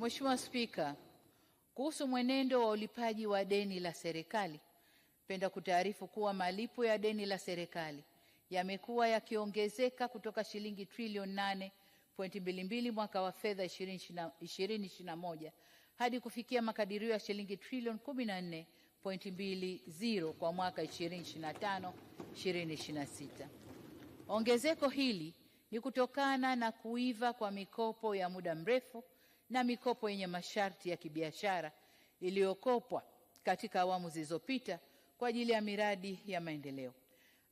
Mheshimiwa Spika, kuhusu mwenendo wa ulipaji wa deni la serikali, napenda kutaarifu kuwa malipo ya deni la serikali yamekuwa yakiongezeka kutoka shilingi trilioni nane pointi mbili mbili mwaka wa fedha 2021 hadi kufikia makadirio ya shilingi trilioni 14.20 kwa mwaka 2025/2026. Ongezeko hili ni kutokana na kuiva kwa mikopo ya muda mrefu na mikopo yenye masharti ya kibiashara iliyokopwa katika awamu zilizopita kwa ajili ya miradi ya maendeleo.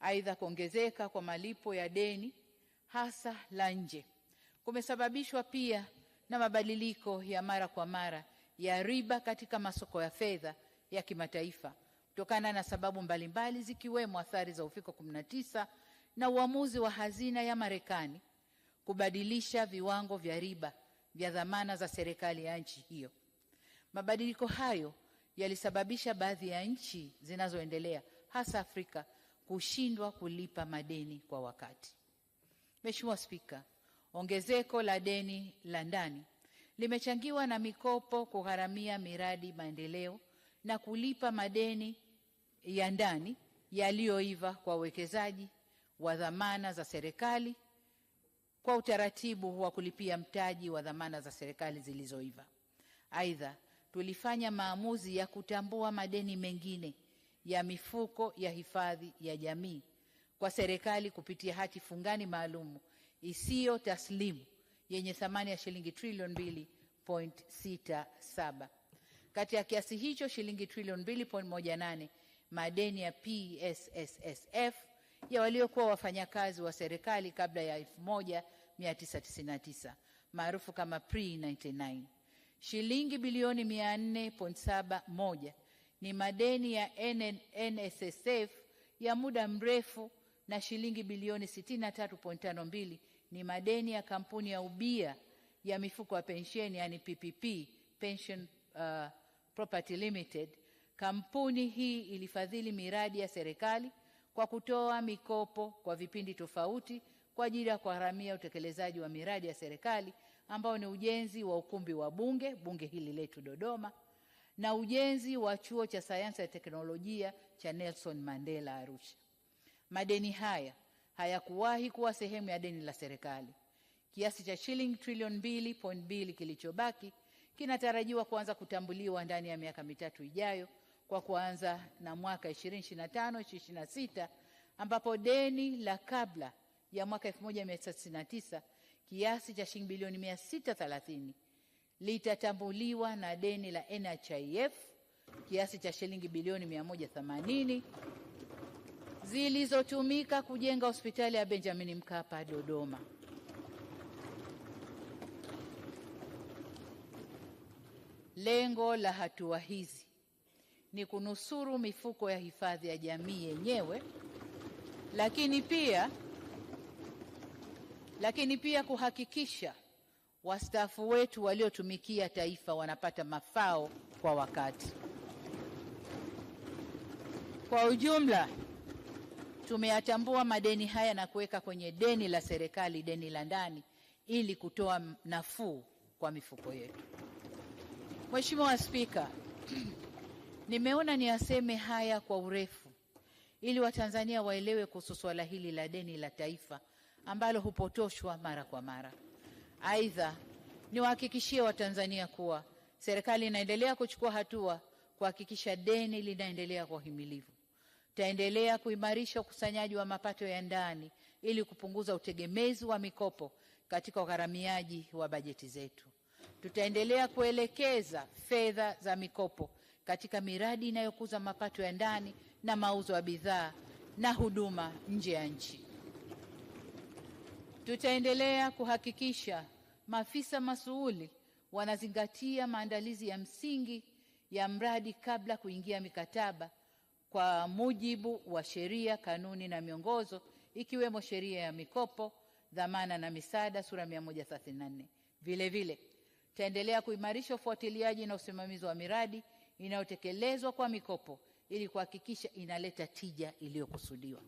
Aidha, kuongezeka kwa malipo ya deni hasa la nje kumesababishwa pia na mabadiliko ya mara kwa mara ya riba katika masoko ya fedha ya kimataifa kutokana na sababu mbalimbali zikiwemo athari za uviko 19 na uamuzi wa hazina ya Marekani kubadilisha viwango vya riba vya dhamana za serikali ya nchi hiyo. Mabadiliko hayo yalisababisha baadhi ya nchi zinazoendelea hasa Afrika kushindwa kulipa madeni kwa wakati. Mheshimiwa Spika, ongezeko la deni la ndani limechangiwa na mikopo kugharamia miradi maendeleo na kulipa madeni ya ndani yaliyoiva kwa wawekezaji wa dhamana za serikali kwa utaratibu wa kulipia mtaji wa dhamana za serikali zilizoiva. Aidha, tulifanya maamuzi ya kutambua madeni mengine ya mifuko ya hifadhi ya jamii kwa serikali kupitia hati fungani maalumu isiyo taslimu yenye thamani ya shilingi trilioni mbili point saba. Kati ya kiasi hicho shilingi trilioni mbili point moja nane madeni ya PSSSF ya waliokuwa wafanyakazi wa serikali kabla ya elfu moja 999 maarufu kama pre-99. Shilingi bilioni 404.71 ni madeni ya NSSF ya muda mrefu na shilingi bilioni 63.52 ni madeni ya kampuni ya ubia ya mifuko ya pensheni yani PPP, Pension uh, Property Limited. Kampuni hii ilifadhili miradi ya serikali kwa kutoa mikopo kwa vipindi tofauti kwa ajili ya kuharamia utekelezaji wa miradi ya serikali ambao ni ujenzi wa ukumbi wa Bunge, bunge hili letu Dodoma, na ujenzi wa chuo cha sayansi na teknolojia cha Nelson Mandela Arusha. Madeni haya hayakuwahi kuwa sehemu ya deni la serikali. Kiasi cha shilingi trilioni 2.2 kilichobaki kinatarajiwa kuanza kutambuliwa ndani ya miaka mitatu ijayo kwa kuanza na mwaka 2025 2026 ambapo deni la kabla ya mwaka 1999 kiasi cha shilingi bilioni 630 litatambuliwa na deni la NHIF kiasi cha shilingi bilioni 180 zilizotumika kujenga hospitali ya Benjamin Mkapa Dodoma. Lengo la hatua hizi ni kunusuru mifuko ya hifadhi ya jamii yenyewe, lakini pia lakini pia kuhakikisha wastaafu wetu waliotumikia taifa wanapata mafao kwa wakati. Kwa ujumla, tumeyatambua madeni haya na kuweka kwenye deni la serikali, deni la ndani, ili kutoa nafuu kwa mifuko yetu. Mheshimiwa Spika, nimeona ni aseme haya kwa urefu ili Watanzania waelewe kuhusu swala hili la deni la taifa ambalo hupotoshwa mara kwa mara. Aidha, niwahakikishie Watanzania kuwa serikali inaendelea kuchukua hatua kuhakikisha deni linaendelea kwa himilivu. Taendelea kuimarisha ukusanyaji wa mapato ya ndani ili kupunguza utegemezi wa mikopo katika ugharamiaji wa bajeti zetu. Tutaendelea kuelekeza fedha za mikopo katika miradi inayokuza mapato ya ndani na mauzo ya bidhaa na huduma nje ya nchi. Tutaendelea kuhakikisha maafisa masuuli wanazingatia maandalizi ya msingi ya mradi kabla kuingia mikataba kwa mujibu wa sheria, kanuni na miongozo ikiwemo sheria ya mikopo, dhamana na misaada sura 134. Vile vile tutaendelea kuimarisha ufuatiliaji na usimamizi wa miradi inayotekelezwa kwa mikopo ili kuhakikisha inaleta tija iliyokusudiwa.